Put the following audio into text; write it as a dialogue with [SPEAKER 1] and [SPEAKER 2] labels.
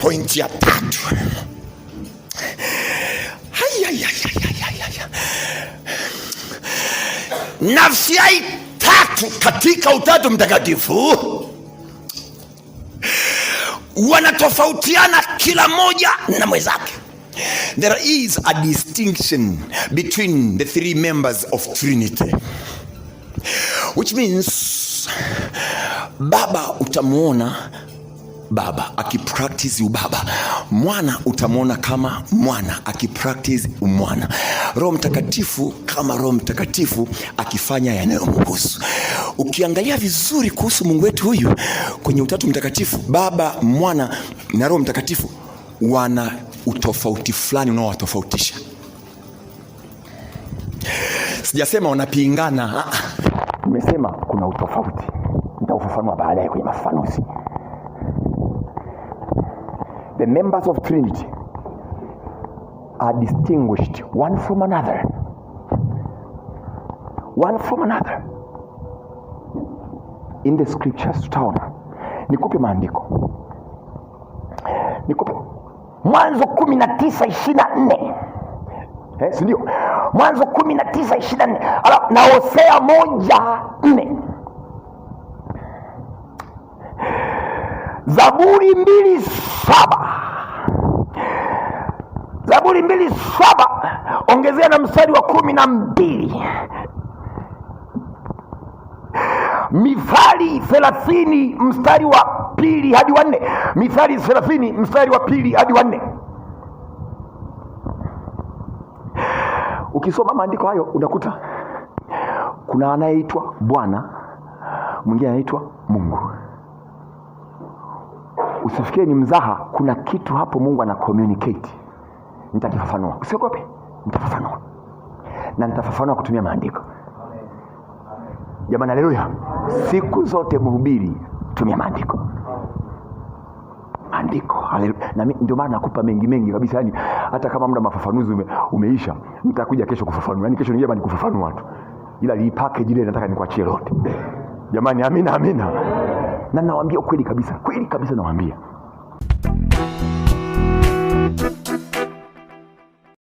[SPEAKER 1] pointi ya tatu nafsi hai tatu katika Utatu Mtakatifu wanatofautiana kila moja na mwezake There is a distinction between the three members of Trinity which means Baba utamwona baba akipractice ubaba, mwana utamwona kama mwana akipractice umwana, Roho Mtakatifu kama Roho Mtakatifu akifanya yanayomhusu. Ukiangalia vizuri kuhusu Mungu wetu huyu kwenye Utatu Mtakatifu, Baba, Mwana na Roho Mtakatifu wana utofauti fulani unaowatofautisha. Sijasema wanapingana,
[SPEAKER 2] nimesema kuna utofauti. Nitaufafanua baadaye kwenye mafafanuzi
[SPEAKER 1] the members of Trinity are distinguished one from another. One from another in the scriptures tutaona nikupe maandiko nikupe mwanzo kumi na tisa nne eh, sindio mwanzo kumi na tisa nne na hosea moja nne zaburi mbili saba Zaburi mbili saba ongezea na mstari wa kumi na mbili Mithali thelathini mstari wa pili hadi wanne Mithali thelathini mstari wa pili hadi wa nne Ukisoma maandiko hayo unakuta kuna anayeitwa Bwana, mwingine anaitwa Mungu. usifikie ni mzaha, kuna kitu hapo Mungu ana communicate nitafafanua. Usiogope, nitafafanua na nitafafanua kutumia maandiko. Jamani, haleluya! Siku zote mhubiri, tumia maandiko, maandiko. Na ndio maana nakupa mengi mengi kabisa, yani hata kama muda mafafanuzi ume, umeisha, nitakuja kesho kufafanua, yani kesho ningeja nikufafanua tu, ila li package ile nataka nikuachie lote. Jamani, amina, amina. Na nawaambia kweli kabisa, kweli kabisa nawaambia